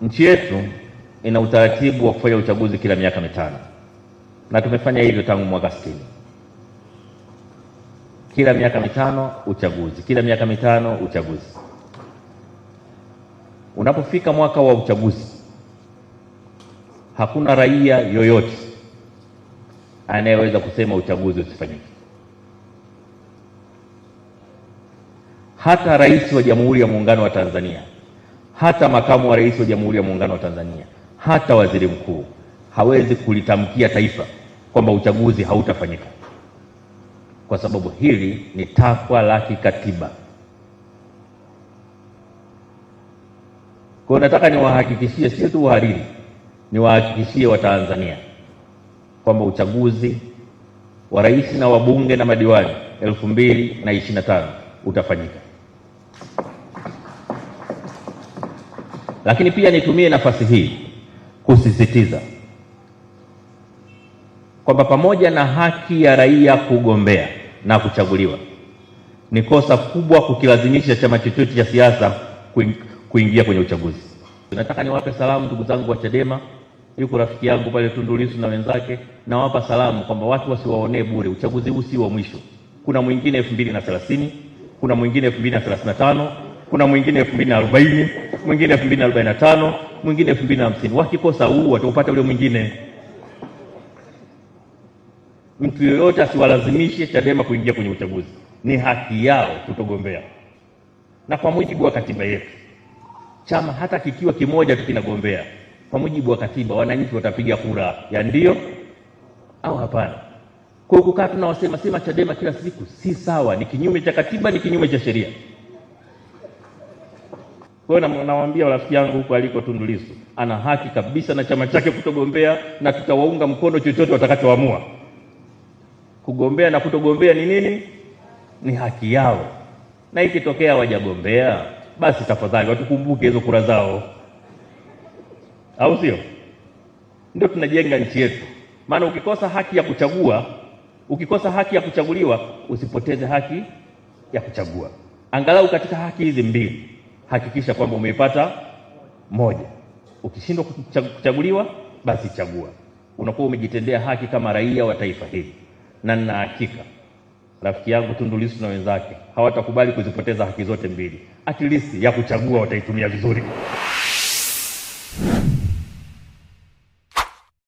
Nchi yetu ina utaratibu wa kufanya uchaguzi kila miaka mitano na tumefanya hivyo tangu mwaka sitini. Kila miaka mitano uchaguzi, kila miaka mitano uchaguzi. Unapofika mwaka wa uchaguzi, hakuna raia yoyote anayeweza kusema uchaguzi usifanyike. Hata rais wa Jamhuri ya Muungano wa Tanzania hata makamu wa rais wa Jamhuri ya Muungano wa Tanzania, hata waziri mkuu hawezi kulitamkia taifa kwamba uchaguzi hautafanyika, kwa sababu hili ni takwa la kikatiba. Kwa nataka niwahakikishie, sio tu wahariri, niwahakikishie Watanzania kwamba uchaguzi wa rais na wabunge na madiwani elfu mbili na ishirini na tano utafanyika. Lakini pia nitumie nafasi hii kusisitiza kwamba pamoja na haki ya raia kugombea na kuchaguliwa, ni kosa kubwa kukilazimisha chama chochote cha siasa kuingia kwenye uchaguzi. Nataka niwape salamu ndugu zangu wa Chadema, yuko rafiki yangu pale Tundu Lissu na wenzake, nawapa salamu kwamba watu wasiwaonee bure. Uchaguzi huu si wa mwisho, kuna mwingine elfu mbili na thelathini, kuna mwingine elfu mbili na thelathini na tano kuna mwingine 2040 mwingine 2045 mwingine 2050. Wakikosa huu watapata ule mwingine. Mtu yoyote asiwalazimishe Chadema kuingia kwenye uchaguzi, ni haki yao kutogombea, na kwa mujibu wa katiba yetu chama hata kikiwa kimoja tu kinagombea, kwa mujibu wa katiba, wananchi watapiga kura ya ndio au hapana. Kwa kukaa tunawasema sema Chadema kila siku si sawa, ni kinyume cha katiba, ni kinyume cha sheria. Kwa hiyo nawaambia rafiki yangu huko aliko Tundu Lissu ana haki kabisa na chama chake kutogombea, na tutawaunga mkono chochote watakachoamua. Kugombea na kutogombea ni nini? Ni haki yao, na ikitokea wajagombea basi tafadhali watukumbuke hizo kura zao, au sio? Ndio tunajenga nchi yetu, maana ukikosa haki ya kuchagua, ukikosa haki ya kuchaguliwa, usipoteze haki ya kuchagua, angalau katika haki hizi mbili hakikisha kwamba umeipata moja. Ukishindwa kuchaguliwa, basi chagua. Unakuwa umejitendea haki kama raia wa taifa hili, na nina hakika rafiki yangu Tundu Lissu na wenzake hawatakubali kuzipoteza haki zote mbili. At least ya kuchagua wataitumia vizuri.